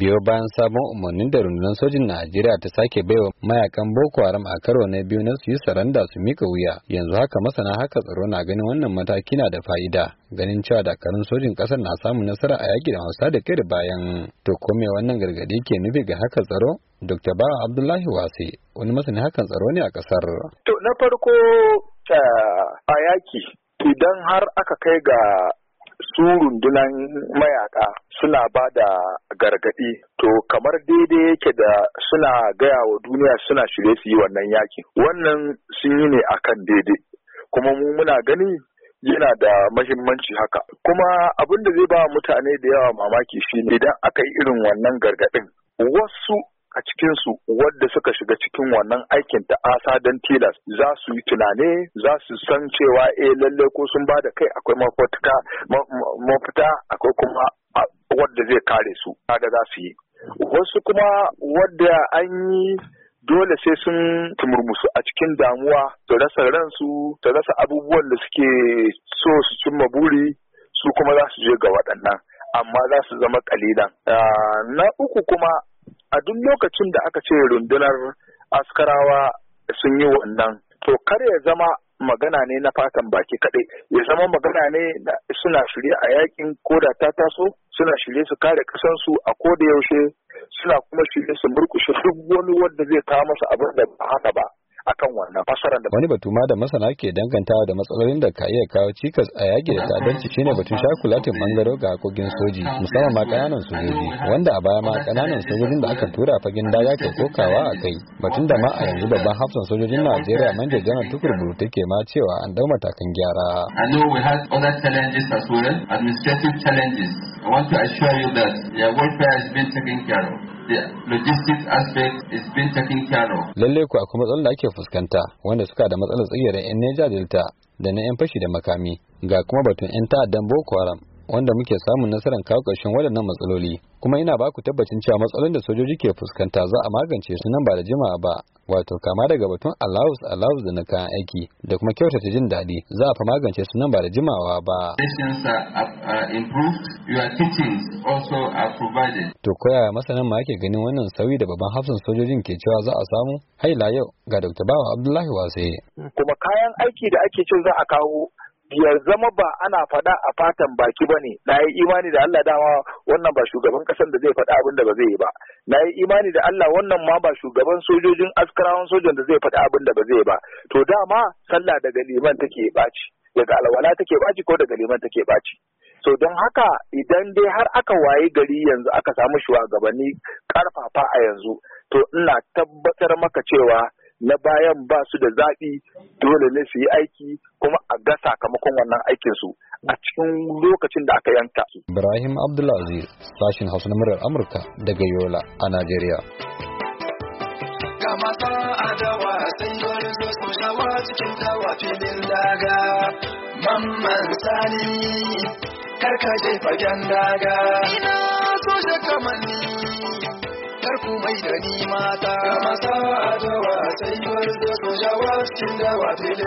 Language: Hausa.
biyo bayan sabon umarnin da rundunar sojin Najeriya ta sake baiwa mayakan Boko Haram a karo na biyu na su yi saranda su mika wuya. Yanzu haka masana haka tsaro na ganin wannan mataki na da fa'ida. Ganin cewa dakarun sojin ƙasar na samun nasara a yaƙi da Hausa da kai bayan. To ko wannan gargadi ke nufi ga haka tsaro? Dr. Bawa Abdullahi Wasi wani masani hakan tsaro ne a ƙasar. To na farko eh, a yaƙi idan har aka kai ga su rundunan mayaka suna ba da gargaɗi to kamar daidai yake da suna gaya wa duniya suna shirye su yi wannan yaki wannan sun yi ne akan daidai kuma mu muna gani yana da mahimmanci haka kuma abin da zai ba mutane da yawa mamaki shine idan aka yi irin wannan gargaɗin wasu a cikinsu wadda suka shiga cikin wannan aikin asa don tilas za su yi tunane za su san cewa eh lalle ko sun ba da kai akwai mafita akwai kuma wadda zai kare su da za su yi wasu kuma wadda an yi dole sai sun tumurmusu a cikin damuwa su rasa ransu su rasa abubuwan da suke so su cimma buri su kuma za su je ga waɗannan amma za su zama ƙalilan. Ah, na uku kuma a duk lokacin da aka ce rundunar askarawa sun yi wannan to kar ya zama magana ne na fatan baki kaɗai ya zama magana ne suna shirye a yakin koda ta taso suna shirye su kare kasansu a koda yaushe suna kuma shirye su murkushe duk wani wanda zai kawo masa abin da ba haka ba fassara da wani batu ma da masana ke danganta da matsalolin da ka iya kawo cikas a yaƙi da ta'addanci shine batun shakulatin mangaro ga hakokin soji musamman ma kananan sojoji wanda a baya ma kananan sojojin da aka tura fagen daga ke kokawa a kai batun da ma a yanzu babban hafsan sojojin Najeriya manja janar tukur buru take ma cewa an dau matakan gyara I know we had other challenges as well administrative challenges I want to assure you that your welfare has been taken care of logistic logistics aspect is being taken care of. Lalle ku akwai matsalar da ake fuskanta wanda suka da matsalar tsigirin 'yan Niger Delta da na 'yan fashi da makami ga kuma batun 'yan ta'addan Boko Haram. wanda muke samun nasarar kawo ƙarshen waɗannan matsaloli kuma ina baku tabbacin cewa matsalolin da sojoji ke fuskanta za a magance su nan ba da jimawa ba wato kama daga batun allowus allowus da na kayan aiki da kuma kyautata jin daɗi za a fa magance su nan ba da jimawa ba. To koya masanan ma ake ganin wannan sauyi da babban hafsan sojojin ke cewa za a samu? Haila yau ga Dr. Bawa Abdullahi Wase. Kuma kayan aiki da ake cin za a kawo ya zama ba ana faɗa a fatan baki ba ne na yi imani da Allah dama wannan ba shugaban ƙasar da zai fada abin da ba zai yi ba na yi imani da Allah wannan ma ba shugaban sojojin askarawan sojan da zai faɗi abin da ba zai ba to dama sallah daga liman take ɓaci daga alwala take baci ko daga liman take baci so don haka idan dai har aka wayi gari yanzu aka samu shugabanni karfafa a yanzu to ina tabbatar maka cewa na bayan ba su da zaɓi dole ne su yi aiki kuma a ga sakamakon wannan aikin su a cikin lokacin da aka yanka. Ibrahim Abdulaziz sashin Hausa na murar Amurka daga Yola a Najeriya. Kamata adawa yi wani zo su cikin filin daga mamman sani ka je fagen daga ina so kar ku mai ni mata. sayuwar da sojawa cikin dawa tele